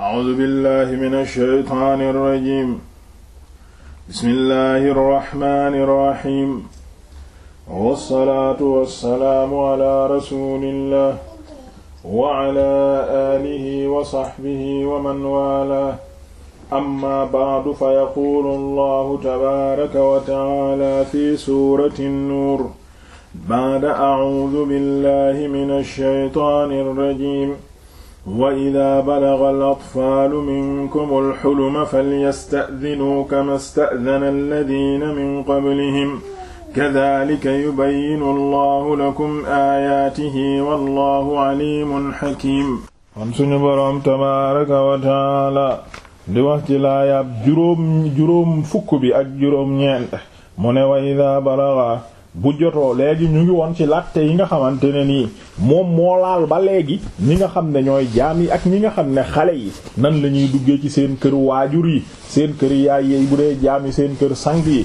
A'uuzu billaahi mina shaytaani rajiim. Bismillaahi rahmaani rahiim. Wassalaatu wassalaamu alaa rasuulillaah wa alaa aalihi wa sahbihi wa man waalaah. Ammaa ba'du fa yaquulu Allaahu tabaaraka wa ta'aalaa fi suurati Nuur. Ba'da a'uuzu billaahi mina shaytaani rajiim. wa idaa balaga al-atfaalu minkum al-huluma falyasta'dinuu kamaa sta'dana alladiina min qablihim kadaalika yubayyinu Allahu lakum aayaatihi wallaahu aliimun hakiim. kon suñu boroom tabaaraka wa taala di wax ci laayaab juróom juróom fukk bi ak juróom ñeent mu ne wa idaa balaga bu jotoo léegi ñu ngi woon ci latte yi nga xamante ne nii. moom moo laal ba léegi ñi nga xam ne ñooy jaam yi ak ñi nga xam ne xale yi nan la ñuy duggee ci seen kër waajur yi seen kër yaay yi bu dee jaam yi seen kër sang yi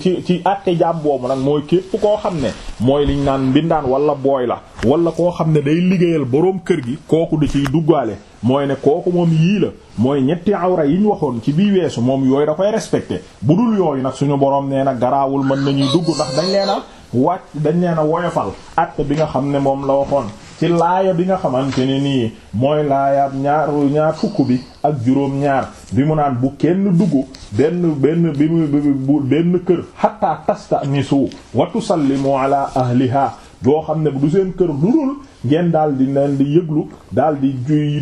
ci ci àtte jàmboom boobu nag mooy képp koo xam ne mooy liñ naan mbindaan wala booy la wala koo xam ne day liggéeyal boroom kër gi kooku du ciy duggaale mooy ne kooku moom yii la mooy ñetti awra yi ñu waxoon ci bii weesu moom yooyu da koy respecté bu dul yooyu nag suñu boroom nee na garaawul mën nañuy dugg ndax dañ leena wàcc dañ leen a woyofal àtte bi nga xam ne moom la waxoon ci laaya bi nga xamante ne nii mooy laayaab ñaar ñaar fukk bi ak juróom-ñaar bi mu naan bu kenn duggu benn benn bi mu benn kër hatta tasta nisu wa tusallimu ala ahliha doo xam ne du seen kër lu dul ngeen daal di leen di yëglu daal di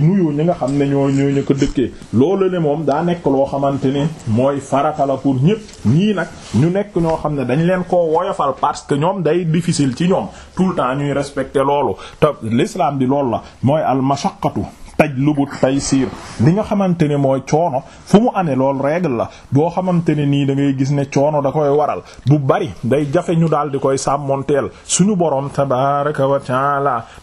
nuyu ñi nga xam ne ñoo ñoo ñu ko dëkkee loolu ne moom daa nekk loo xamante ne mooy farata la pour ñépp ñii nag ñu nekk ñoo xam ne dañ leen ko woyofal parce que ñoom day difficile ci ñoom tout le temps ñuy respecter loolu te l'islam di loolu la mooy al mashaqqatu tajlubu taysiir li nga xamante ne mooy coono fu mu amee loolu règle la boo xamante ne nii da ngay gis ne coono da koy waral bu bari day jafe ñu daal di koy sàmmonteel suñu borom tabaaraka wa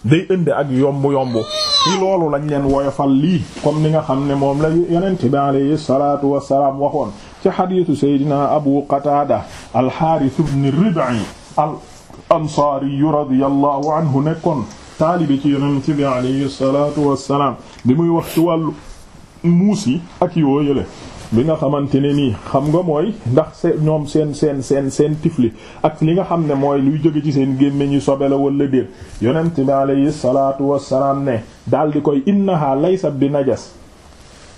day ënd ak yomb-yomb ci loolu lañ leen woyofal lii comme li nga xam ne moom la yonent bi alayhi salaatu wassalaam waxoon ci xadiisu Seydina Abu Qataada al-Haaris ibn Rib'i al-Ansaari radiyallahu anhu nekkoon taalibi ci yonent bi alayhi salaatu wassalaam bi muy wax ci wàllu muus yi ak yoo yële bi nga xamante ne nii xam nga mooy ndax se ñoom seen seen seen seen tifli ak li nga xam ne mooy luy jóge ci seen gémmiñ yi sobe la wala déet yonent bi alayhi salaatu wassalaam ne daal di koy innaha laysa bi najas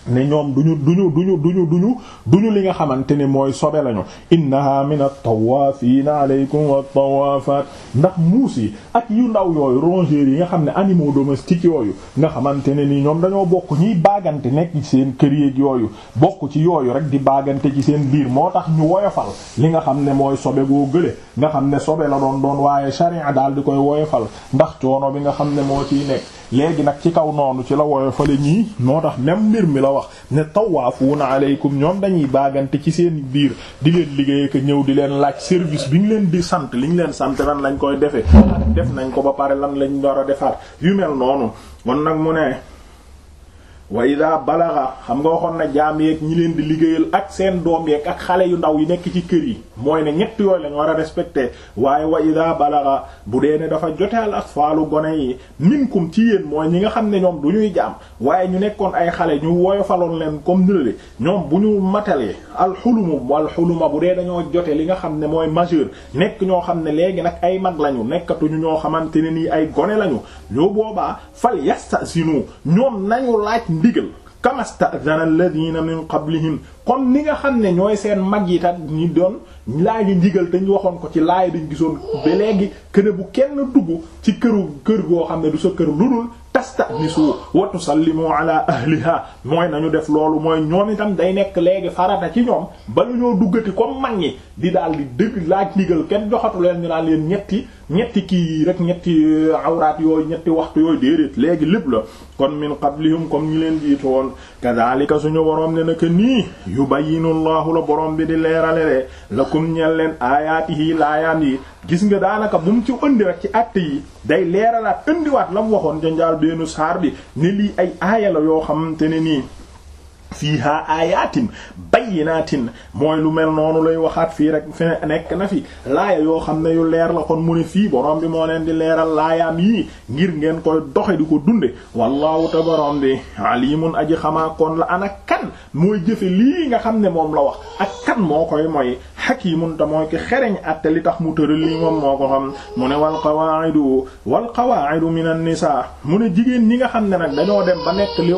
ne ñoom duñu duñu duñu duñu duñu duñu li nga xamante ne mooy sobe lañu innaha min at-tawaafiina aleykum wat-tawaafaat ndax muus yi ak yu ndaw yooyu rongeurs yi nga xam ne animaux domestiques yooyu nga xamante ne nii ñoom dañoo bokk ñiy baagante nekk ci seen kër yéeg yooyu bokk ci yooyu rek di baagante ci seen biir moo tax ñu woyofal li nga xam ne mooy sobe goo gële nga xam ne sobe la doon doon waaye sharia daal di koy woyofal ndax coono bi nga xam ne moo ciy nekk léegi nag ci kaw noonu ci la woyo fale ñii moo tax même mbir mi la wax ne tawaafuuna aleykum ñoom dañuy baagante ci seen biir di leen liggéey ko ñëw di leen laaj service bi ñu leen di sant li ñu leen sant lan lañ koy defee def nañ ko ba pare lan lañ war a defaat yu mel noonu kon nag mu ne wa ida balaga xam nga waxoon na jaam yeeg ñi leen di liggéeyal ak seen doom yeeg ak xale yu ndaw yi nekk ci kër yi mooy ne ñett yooyu lañu war a respecté waaye wa ida balaga bu dee ne dafa jote al atfaalu gone yi minkum ci yéen mooy ñi nga xam ne ñoom du ñuy jaam waaye ñu nekkoon ay xale ñu faloon leen comme nilale ñoom bu ñu matalee alxulumu walxuluma bu dee dañoo jote li nga xam ne mooy majeur nekk ñoo xam ne léegi nag ay mag lañu nekkatuñu ñoo xamante ne nii ay gone lañu yoo boobaa fal yastazinu ndigal kamasta'dhana alladhina min qablihim kon ni nga xam ne ñooy seen mag yi tat ñi doon laaj ndigal te ñu waxoon ko ci laay dañ gisoon ba léegi këne bu kenn dugg ci këru kër goo xam ne du sa kër lu dul tasta'nisu wa tusallimu ala ahliha mooy na ñu def loolu mooy ñoo itam day nekk léegi farata ci ñoom ba lu ñoo duggati ko mag ñi di daal di dëgg laaj ndigal kenn joxatu leen ñu naan leen ñetti ñetti kii rek ñetti euh, awraat yooyu ñetti waxtu yooyu déedéet léegi lépp la kon min qablihum comme ñu leen jiitu woon kadhalika suñu boroom ne naka nii yubayyinu Allahu la boroom bi di leerale lakum ñeel leen aayaatihi laayaam yi gis nga daanaka bu mu ci ëndi rek ci àtte yi day leeralaat ëndiwaat la mu waxoon janjaal beenu saar bi ni lii ay aaya la yoo xamante ne nii fiiha ayatin bayyinatin mooy lu mel noonu lay waxaat fii rek fi nekk na fi laaya yoo xam ne yu leer la kon mu ne fii borom bi moo leen di leeral laayaam yii ngir ngeen koy doxe di ko dunde wallahu te borom bi alimun aji xamaa kon la ana kan mooy jëfe lii nga xam ne moom la wax ak kan moo koy moy hakimun te mooy ki xereñ atte li tax mu tëral lii moom moo ko xam mu ne wal qawaa'idu wal qawaa'idu minan mu ne jigéen ñi nga xam ne nag dañoo dem ba nekk li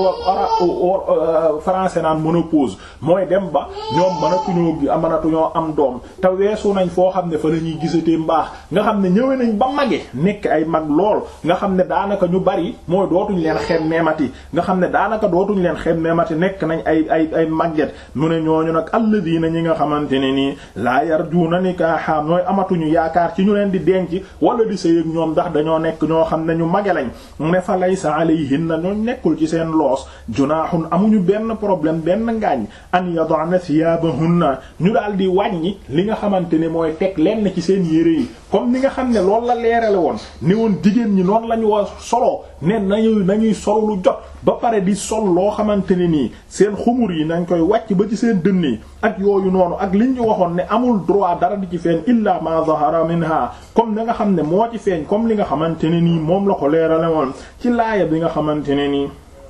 commencé naan ménopause mooy dem ba ñoom mënatuñoo mënatuñoo am doom te weesu nañ foo xam ne fa la ñuy gisatee mbaax nga xam ne ñëwee nañ ba mage nekk ay mag lool nga xam ne daanaka ñu bari mooy dootuñ leen xem neemati nga xam ne daanaka dootuñ leen xem neemati nekk nañ ay ay ay magget mu ne ñooñu nag alladina ñi nga xamante ne nii laa yarjuuna nikaaha ñooy amatuñu yaakaar ci ñu leen di denc wala di sëy ak ñoom ndax dañoo nekk ñoo xam ne ñu mage lañ ne fa laysa alayhinna ñoo nekkul ci seen loos junaahun amuñu benn problème benn ngaañ an yadana thiyabahunna ñu daal di wàññi li nga xamante ne mooy teg lenn ci seen yére yi comme li nga xam ne loolu la leerale woon ne woon jigéen ñi noonu lañu ñu war soloo ne nañuy nañuy solo lu jot ba pare di sol loo xamante ne nii seen xumur yi nañ koy wàcc ba ci seen dënn yi ak yooyu noonu ak liñ ñu waxoon ne amul droit dara di ci feeñ illa ma zahara minha comme na nga xam ne moo ci feeñ comme li nga xamante ne nii moom la ko leerale woon ci laaya nga xamante ne nii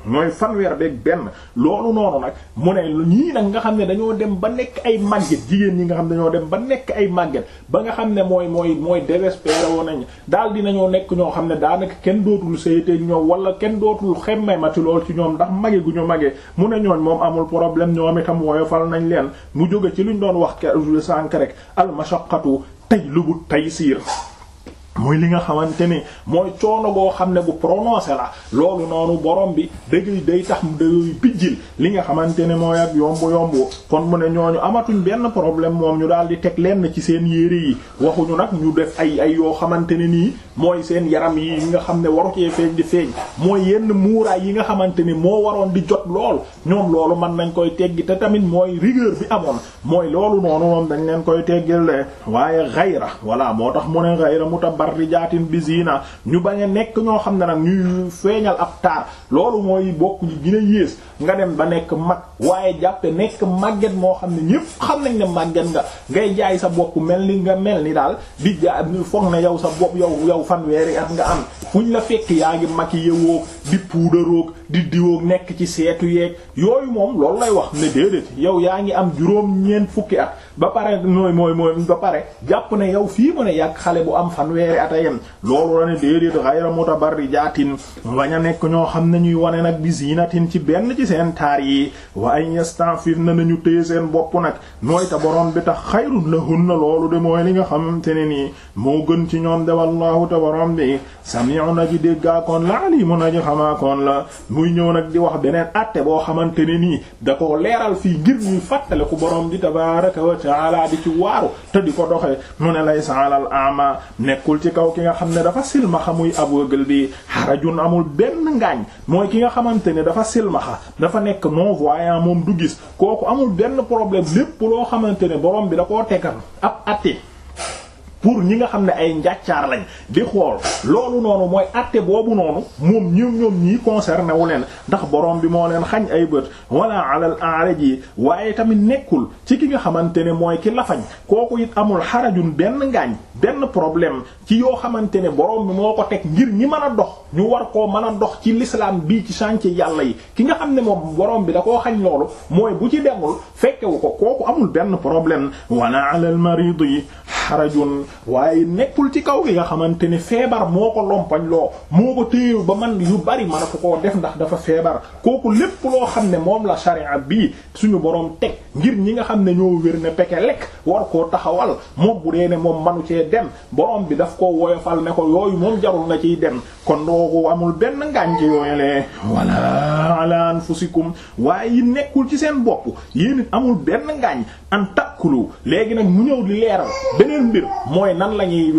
mooy fanweer beeg benn loolu noonu nag mu ne ñii nag nga xam ne dañoo dem ba nekk ay màgget jigéen ñi nga xam ne dañoo dem ba nekk ay màgget ba nga xam ne mooy mooy mooy désespéré woon nañ daal dinañoo nekk ñoo xam ne daanaka kenn dootul sayteeg ñoom wala kenn dootul xemmemati lool ci ñoom ndax mage gu ñu magee mu ne ñooñ moom amul problème ñoom itam woyofal nañ leen mu jóge ci luñ doon wax sànk rek al mashaqqatu tey siir mooy li nga xamante ni mooy coono goo xam ne bu prononcé la loolu noonu borom bi dëgg day tax day pijjil li nga xamante ne mooy ak yombu yombu kon mu ne ñooñu amatuñ benn problème moom ñu daal di teg lenn ci seen yére yi waxuñu nag ñu def ay ay yoo xamante ne nii mooy seen yaram yi yi nga xam ne waru cee feeñ di feeñ mooy yenn muuraay yi nga xamante ni moo waroon di jot lool ñoom loolu mën nañ koy teggi te tamit mooy rigueur bi amoon mooy loolu noonu moom dañ leen koy teggil de waaye xayra voilà moo tax mu ne xayra mu tabar mutarrijaatin bi zina ñu bañ a nekk ñoo xam ne nag ñuy feeñal ab taar loolu mooy bokk ñu gën yées nga dem ba nekk mag waaye jàppe nekk màgget moo xam ne ñëpp xam nañ ne màgget nga ngay jaay sa bopp mel ni nga mel ni daal di jaay foog na yow sa bopp yow yow fanweeri at nga am fuñ la fekk yaa ngi maquillé woog di puudaroog di diwoog nekk ci seetu yeeg yooyu moom loolu lay wax ne déedéet yow yaa ngi am juróom ñeent fukki at ba pare mooy mooy mooy ba pare jàpp ne yow fii mu ne yàgg xale bu am fanweeri at a yem loolu la ne déedéet ghayra mutabarrijaatin wañ a nekk ñoo xam ne ñuy wane nag bi zinatin ci benn ci seen taar yi wa ay yastanfif na nañu téye seen bopp nag mooy ta borom bi tax xayrun lahunna loolu de mooy li nga xamante ne nii moo gën ci ñoom de wallahu ta borom bi sami'un aji déggaakoon la alimun aji xamaakoon la muy ñëw nag di wax beneen atte boo xamante ne nii da ko leeral fii ngir ñuy fàttale ku borom taala bi ci waaru te di ko doxee mu ne lay saalal ama nekkul ci kaw ki nga xam ne dafa silmaxa muy aveugle bi harajun amul benn ngaañ mooy ki nga xamante ne dafa silmaxa dafa nekk non voyant moom du gis kooku amul benn problème lépp loo xamante ne borom bi da koo tegal ab atte pour ñi nga xam ne ay njàccaar lañ di xool loolu noonu mooy àtte boobu noonu moom ñoom ñoom ñii concerné wu leen ndax borom bi moo leen xañ ay bët wala alal aaraj yi waaye tamit nekkul ci ki nga xamante ne mooy ki lafañ kooku it amul xarajun benn ngaañ benn problème ci yoo xamante ne borom bi moo ko teg ngir ñi mën a dox ñu war koo mën a dox ci l'islam bii ci chantier yàlla yi ki nga xam ne moom borom bi da koo xañ loolu mooy bu ci demul fekkewu ko kooku amul benn problème wala alal yi xarajun waaye nekkul ci kaw gi nga xamante ne feebar moo ko lompañ loo moo ko téye ba man yu bari man ko koo def ndax dafa feebar kooku lépp loo xam ne moom la sharia bii suñu boroom teg ngir ñi nga xam ne ñoo wér ne peke lekk war koo taxawal moom bu dee ne moom manu cee dem borom bi daf koo woyofal ne ko yooyu moom jarul nga ciy dem kon doogu amul benn ngànc yooyulee wala ala anfusikum waaye yi nekkul ci seen bopp yéen it amul benn ngaañ an takkulu léegi nag mu ñëw di leeral mooy nan la ñuy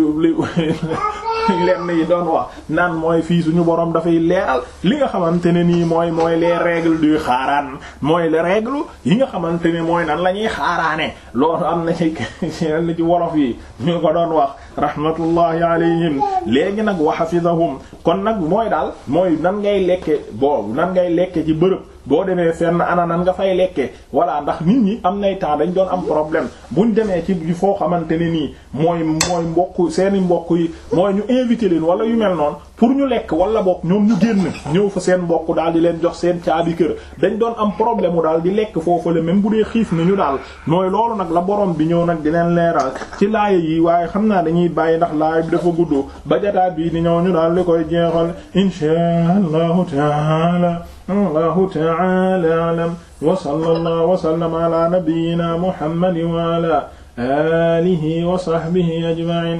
lenn yi doon wax nan mooy fii suñu borom dafay leeral li nga xamante ne nii mooy mooy les règles du xaaraan mooy les règles yi nga xamante ne mooy nan lañuy ñuy xaaraane loolu am na ci am na ci wolof yi ñu ko doon wax rahmatullahi alayhim léegi nag wa hafizahum kon nag mooy daal mooy nan ngay lekke boobu nan ngay lekke ci bërëb boo demee fenn ana nan nga fay lekkee voilà ndax nit ñi am nay temps dañ doon am problème buñ demee ci foo xamante ne nii mooy mooy mbokk seeni mbokk yi mooy ñu invité leen wala yu mel noonu pour ñu lekk wala boog ñoom ñu génn ñëw fa seen mbokk daal di leen jox seen caabi kër dañ doon am problème mu daal di lekk foofu le même bu dee xiif ñu daal mooy loolu nag la boroom bi ñëw nag di leen leeral ci laaya yi waaye xam naa dañuy bàyyi ndax laaya bi dafa gudd ba jataa bii di ñëw ñu daal di koy jeexal inshaa allahu taala allahu taala alam wa sallallahu wa sallama ala nabiyyina muhammadin wa ala alihi wa sahbihi ajma'in